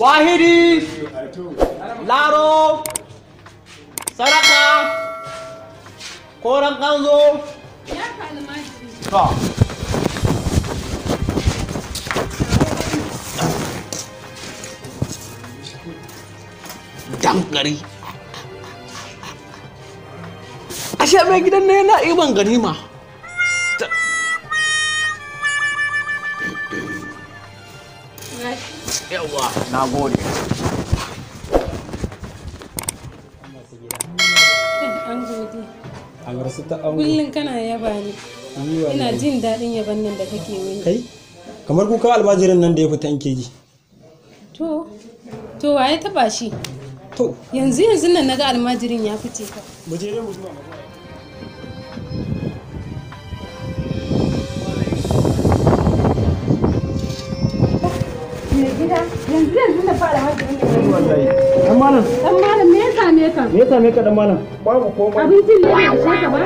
wahidi laro saraka koran kanzo Dangari. dankari ashe mai gidan na yana iban ganima you. yawa na gode kullum kana yaba ne ina jin daɗin yaban nan da kake wani kai kamar kuka almajirin nan da ya fita in ke to to waye taba shi to yanzu yanzu nan naga almajirin ya fice ka mu je mu zuwa gida dan malam dan me ya same ka me ya same ka dan malam babu komai abincin ne ya ishe ka ba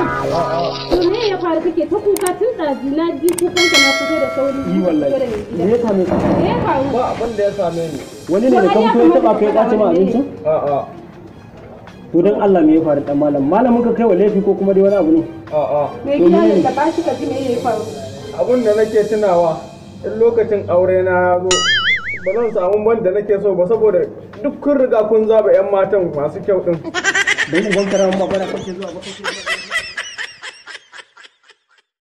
to me ya faru kake ta kuka tun ɗazu na ji kukan ka na fito da sauri yi wallahi me ya same ka me ya faru ba abin da ya same ni wani ne da ka fito ya taba kai ya ma abincin a'a to dan Allah me ya faru dan malam malamin ka kai wa laifi ko kuma dai wani abu ne a'a me kiyaye da ba ka ji me ya faru abun da nake tunawa in lokacin aure na ya zo ba zan samu da nake so ba saboda duk kun riga kun zaba 'yan matan masu kyau din. Don uban karamin magana kake zuwa ba zuwa.